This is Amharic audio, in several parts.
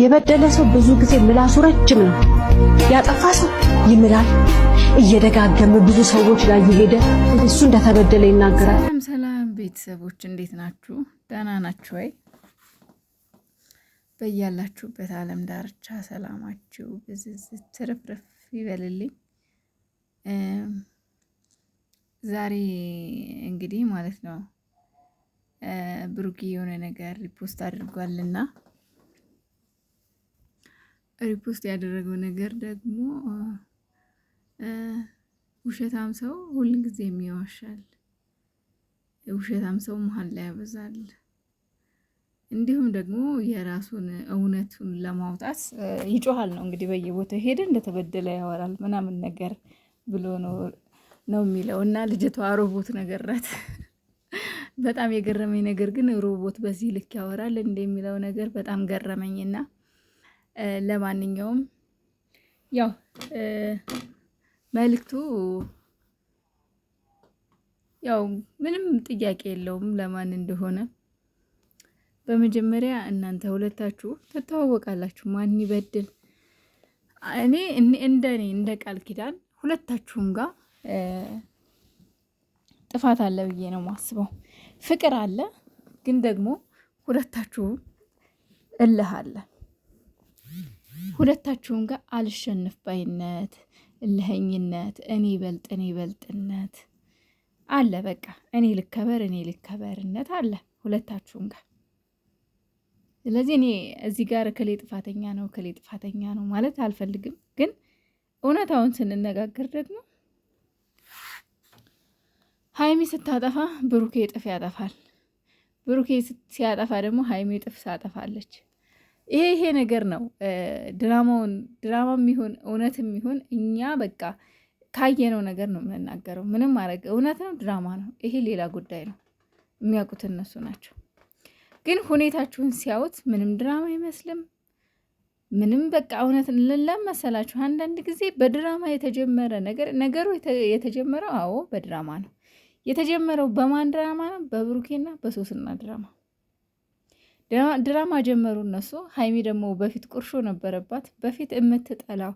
የበደለ ሰው ብዙ ጊዜ ምላሱ ረጅም ነው። ያጠፋ ሰው ይምላል እየደጋገመ ብዙ ሰዎች ላይ የሄደ እሱ እንደተበደለ ይናገራል። ሰላም ሰላም ቤተሰቦች እንዴት ናችሁ? ደህና ናችሁ ወይ? በያላችሁበት ዓለም ዳርቻ ሰላማችሁ ብዝዝ ትርፍርፍ ይበልልኝ። ዛሬ እንግዲህ ማለት ነው ብሩጌ የሆነ ነገር ሪፖስት አድርጓልና ሪፖስት ያደረገው ነገር ደግሞ ውሸታም ሰው ጊዜ ያዋሻል፣ ውሸታም ሰው መሀል ላይ ያበዛል። እንዲሁም ደግሞ የራሱን እውነቱን ለማውጣት ይጮሃል ነው እንግዲህ በየቦታው ሄደ እንደተበደለ ያወራል ምናምን ነገር ብሎ ነው ነው የሚለው እና ልጅቷ ሮቦት ነገር ናት። በጣም የገረመኝ ነገር ግን ሮቦት በዚህ ልክ ያወራል እንደሚለው ነገር በጣም ገረመኝና ለማንኛውም ያው መልክቱ ያው ምንም ጥያቄ የለውም ለማን እንደሆነ። በመጀመሪያ እናንተ ሁለታችሁ ትተዋወቃላችሁ። ማን ይበድል? እኔ እንደ እኔ እንደ ቃል ኪዳን ሁለታችሁም ጋር ጥፋት አለ ብዬ ነው የማስበው። ፍቅር አለ፣ ግን ደግሞ ሁለታችሁም እልህ አለ። ሁለታችሁም ጋር አልሸንፍ ባይነት፣ ልህኝነት እኔ ይበልጥ እኔ ይበልጥነት አለ። በቃ እኔ ልከበር እኔ ልከበርነት አለ ሁለታችሁም ጋር። ስለዚህ እኔ እዚህ ጋር እከሌ ጥፋተኛ ነው እከሌ ጥፋተኛ ነው ማለት አልፈልግም። ግን እውነታውን ስንነጋገር ደግሞ ሀይሚ ስታጠፋ ብሩኬ ጥፍ ያጠፋል፣ ብሩኬ ሲያጠፋ ደግሞ ሀይሚ ጥፍ ሳጠፋለች። ይሄ ይሄ ነገር ነው ድራማውን ድራማ የሚሆን እውነት የሚሆን እኛ በቃ ካየነው ነገር ነው የምንናገረው። ምንም ማድረግ እውነት ነው ድራማ ነው ይሄ ሌላ ጉዳይ ነው። የሚያውቁት እነሱ ናቸው። ግን ሁኔታችሁን ሲያዩት ምንም ድራማ አይመስልም። ምንም በቃ እውነት ለመሰላችሁ። አንዳንድ ጊዜ በድራማ የተጀመረ ነገር ነገሩ የተጀመረው አዎ በድራማ ነው የተጀመረው። በማን ድራማ ነው? በብሩኬና በሶስና ድራማ ድራማ ጀመሩ እነሱ። ሀይሚ ደግሞ በፊት ቁርሾ ነበረባት። በፊት የምትጠላው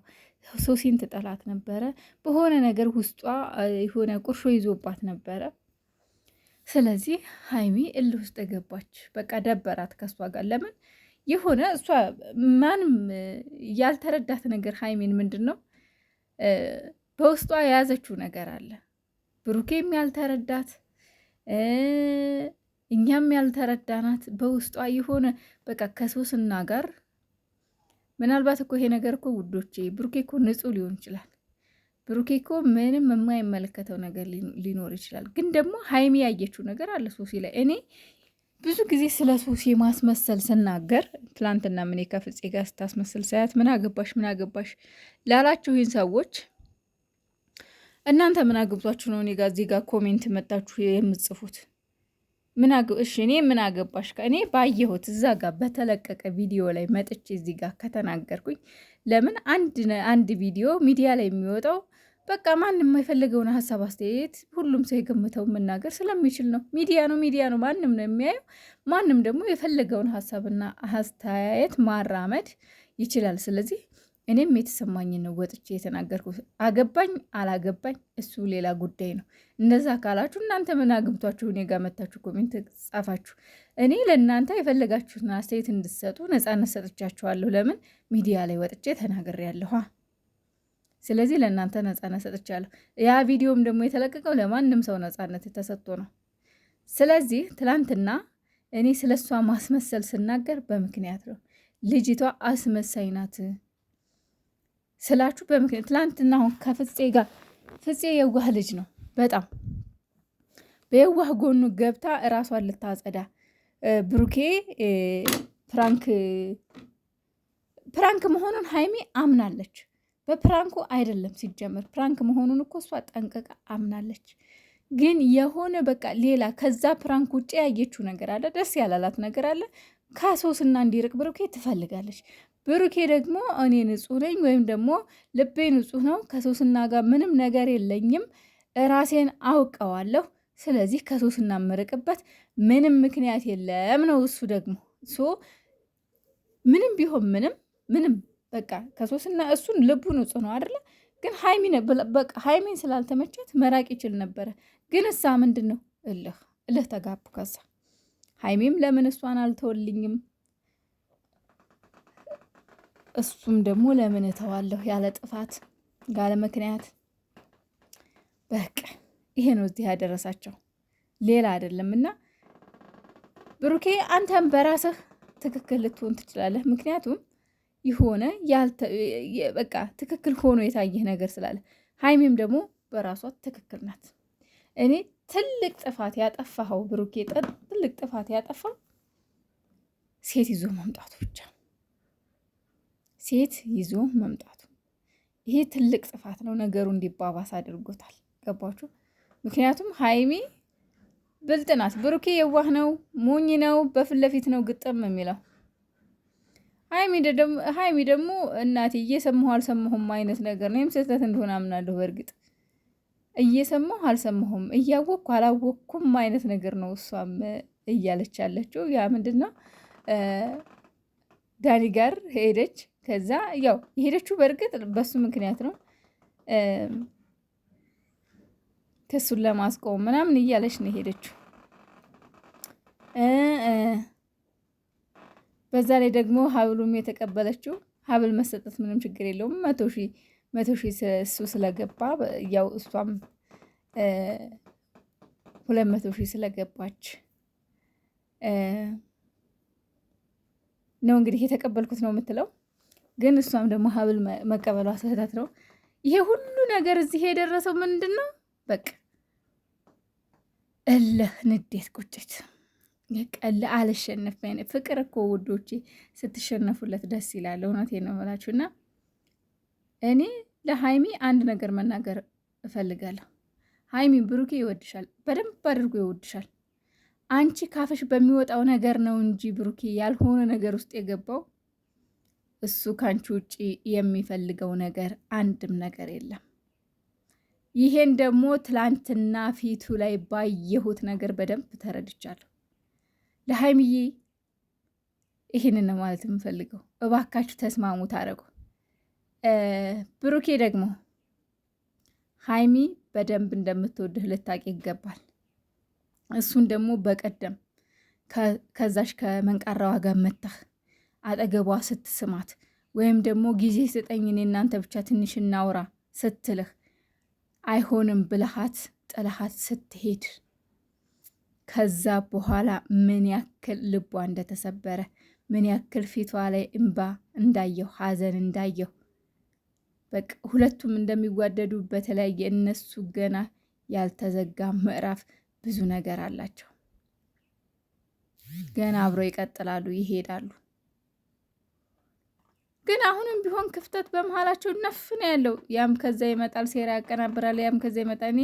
ሶሲን ትጠላት ነበረ። በሆነ ነገር ውስጧ የሆነ ቁርሾ ይዞባት ነበረ። ስለዚህ ሀይሚ እል ውስጥ ገባች። በቃ ደበራት ከሷ ጋር ለምን የሆነ እሷ ማንም ያልተረዳት ነገር ሀይሚን ምንድን ነው በውስጧ የያዘችው ነገር አለ ብሩኬም ያልተረዳት እኛም ያልተረዳናት በውስጧ የሆነ በቃ ከሶስና ጋር ምናልባት እኮ ይሄ ነገር እኮ ውዶቼ ብሩኬ እኮ ንጹህ ሊሆን ይችላል። ብሩኬ እኮ ምንም የማይመለከተው ነገር ሊኖር ይችላል። ግን ደግሞ ሀይሚ ያየችው ነገር አለ ሶሲ ላይ። እኔ ብዙ ጊዜ ስለ ሶሲ ማስመሰል ስናገር ትላንትና ምን ከፍፄ ጋር ስታስመስል ሳያት ምን አገባሽ ምን አገባሽ ላላችሁኝ ሰዎች እናንተ ምን አግብቷችሁ ነው እኔ ጋ እዚህ ጋር ኮሜንት መጣችሁ የምጽፉት? እሺ እኔ ምን አገባሽ? እኔ ባየሁት እዛ ጋር በተለቀቀ ቪዲዮ ላይ መጥቼ እዚህ ጋር ከተናገርኩኝ ለምን አንድ አንድ ቪዲዮ ሚዲያ ላይ የሚወጣው በቃ ማንም የማይፈልገውን ሀሳብ አስተያየት ሁሉም ሰው የገምተው መናገር ስለሚችል ነው። ሚዲያ ነው ሚዲያ ነው፣ ማንም ነው የሚያየው። ማንም ደግሞ የፈለገውን ሀሳብና አስተያየት ማራመድ ይችላል። ስለዚህ እኔም የተሰማኝ ነው ወጥቼ የተናገርኩት። አገባኝ አላገባኝ እሱ ሌላ ጉዳይ ነው። እንደዛ ካላችሁ እናንተ ምን አግብቷችሁ እኔ ጋር መታችሁ ኮሜንት ጻፋችሁ። እኔ ለእናንተ የፈለጋችሁትን አስተያየት እንድትሰጡ ነፃነት ሰጥቻችኋለሁ። ለምን ሚዲያ ላይ ወጥቼ ተናግሬያለሁ። ስለዚህ ለእናንተ ነጻነት ሰጥቻለሁ። ያ ቪዲዮም ደግሞ የተለቀቀው ለማንም ሰው ነፃነት ተሰጥቶ ነው። ስለዚህ ትላንትና እኔ ስለ እሷ ማስመሰል ስናገር በምክንያት ነው። ልጅቷ አስመሳይ ናት። ስላችሁ በምክንያት ትላንትና አሁን ከፍፄ ጋር ፍፄ የዋህ ልጅ ነው በጣም በየዋህ ጎኑ ገብታ እራሷን ልታጸዳ ብሩኬ ፕራንክ ፕራንክ መሆኑን ሀይሚ አምናለች። በፕራንኩ አይደለም ሲጀምር ፕራንክ መሆኑን እኮ እሷ ጠንቀቃ አምናለች። ግን የሆነ በቃ ሌላ ከዛ ፕራንክ ውጭ ያየችው ነገር አለ፣ ደስ ያላላት ነገር አለ። ከሶስና እንዲርቅ ብሩኬ ትፈልጋለች። ብሩኬ ደግሞ እኔ ንጹህ ነኝ ወይም ደግሞ ልቤ ንጹህ ነው፣ ከሶስና ጋር ምንም ነገር የለኝም፣ ራሴን አውቀዋለሁ። ስለዚህ ከሶስና ምርቅበት ምንም ምክንያት የለም ነው እሱ ደግሞ ሶ ምንም ቢሆን ምንም ምንም በቃ ከሶስና እሱን ልቡ ንጹህ ነው አይደለ? ግን በቃ ሀይሚን ስላልተመቻት መራቅ ይችል ነበረ። ግን እሳ ምንድን ነው እልህ እልህ ተጋቡ። ከዛ ሀይሚም ለምን እሷን አልተወልኝም እሱም ደግሞ ለምን እተዋለሁ ያለ ጥፋት ያለ ምክንያት በቃ ይሄ ነው እዚህ ያደረሳቸው ሌላ አይደለም። እና ብሩኬ አንተም በራስህ ትክክል ልትሆን ትችላለህ። ምክንያቱም የሆነ በቃ ትክክል ሆኖ የታየህ ነገር ስላለ፣ ሀይሚም ደግሞ በራሷ ትክክል ናት። እኔ ትልቅ ጥፋት ያጠፋኸው ብሩኬ፣ ትልቅ ጥፋት ያጠፋው ሴት ይዞ መምጣቱ ብቻ ሴት ይዞ መምጣቱ ይሄ ትልቅ ጥፋት ነው። ነገሩ እንዲባባስ አድርጎታል። ገባችሁ? ምክንያቱም ሀይሚ ብልጥ ናት። ብሩኬ የዋህ ነው፣ ሞኝ ነው፣ በፊት ለፊት ነው ግጥም የሚለው። ሀይሚ ደግሞ እናቴ እየሰማሁ አልሰማሁም አይነት ነገር ነው። ይህም ስህተት እንደሆነ አምናለሁ። በእርግጥ እየሰማሁ አልሰማሁም፣ እያወቅኩ አላወቅኩም አይነት ነገር ነው እሷም እያለች ያለችው። ያ ምንድን ነው ዳኒ ጋር ሄደች ከዛ ያው የሄደችው በእርግጥ በሱ ምክንያት ነው። ክሱን ለማስቆም ምናምን እያለች ነው የሄደችው። በዛ ላይ ደግሞ ሀብሉም የተቀበለችው ሀብል መሰጠት ምንም ችግር የለውም። መቶ ሺ መቶ ሺ እሱ ስለገባ ያው እሷም ሁለት መቶ ሺ ስለገባች ነው እንግዲህ የተቀበልኩት ነው የምትለው ግን እሷም ደግሞ ሀብል መቀበሏ ስህተት ነው። ይሄ ሁሉ ነገር እዚህ የደረሰው ምንድን ነው? በቃ እልህ፣ ንዴት፣ ቁጭት ቀለ አልሸነፍ ፍቅር እኮ ውዶቼ ስትሸነፉለት ደስ ይላል። እውነት ነው የምላችሁ እና እኔ ለሀይሚ አንድ ነገር መናገር እፈልጋለሁ። ሀይሚ ብሩኬ ይወድሻል፣ በደንብ አድርጎ ይወድሻል። አንቺ ካፈሽ በሚወጣው ነገር ነው እንጂ ብሩኬ ያልሆነ ነገር ውስጥ የገባው እሱ ከአንቺ ውጪ የሚፈልገው ነገር አንድም ነገር የለም። ይሄን ደግሞ ትላንትና ፊቱ ላይ ባየሁት ነገር በደንብ ተረድቻለሁ። ለሀይምዬ ይህንን ነው ማለት የምፈልገው። እባካችሁ ተስማሙ፣ ታረጉ። ብሩኬ ደግሞ ሀይሚ በደንብ እንደምትወድህ ልታቅ ይገባል። እሱን ደግሞ በቀደም ከዛሽ ከመንቃራዋ ጋር መታህ አጠገቧ ስትስማት ወይም ደግሞ ጊዜ ስጠኝ እኔ እናንተ ብቻ ትንሽ እናውራ ስትልህ አይሆንም ብልሃት ጥልሃት ስትሄድ ከዛ በኋላ ምን ያክል ልቧ እንደተሰበረ ምን ያክል ፊቷ ላይ እምባ እንዳየሁ ሀዘን እንዳየሁ በቃ ሁለቱም እንደሚዋደዱ በተለያየ እነሱ ገና ያልተዘጋ ምዕራፍ ብዙ ነገር አላቸው። ገና አብረው ይቀጥላሉ፣ ይሄዳሉ። ግን አሁንም ቢሆን ክፍተት በመሀላቸው ነፍ ነው ያለው። ያም ከዛ ይመጣል፣ ሴራ ያቀናብራል። ያም ከዛ ይመጣል። እኔ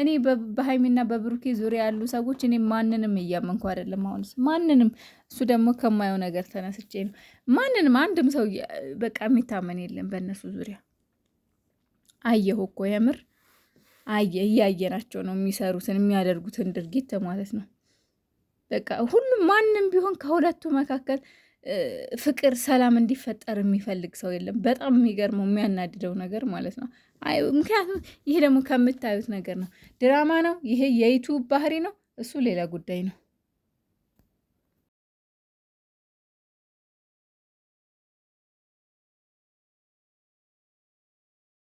እኔ በሀይሚና በብሩኬ ዙሪያ ያሉ ሰዎች እኔ ማንንም እያመንኩ አይደለም። አሁንስ ማንንም እሱ ደግሞ ከማየው ነገር ተነስቼ ነው። ማንንም አንድም ሰው በቃ የሚታመን የለም በእነሱ ዙሪያ። አየሁ እኮ የምር አየ እያየናቸው ነው የሚሰሩትን የሚያደርጉትን ድርጊት ማለት ነው። በቃ ሁሉም ማንም ቢሆን ከሁለቱ መካከል ፍቅር፣ ሰላም እንዲፈጠር የሚፈልግ ሰው የለም። በጣም የሚገርመው የሚያናድደው ነገር ማለት ነው። ምክንያቱም ይሄ ደግሞ ከምታዩት ነገር ነው። ድራማ ነው ይሄ፣ የዩቱብ ባህሪ ነው። እሱ ሌላ ጉዳይ ነው።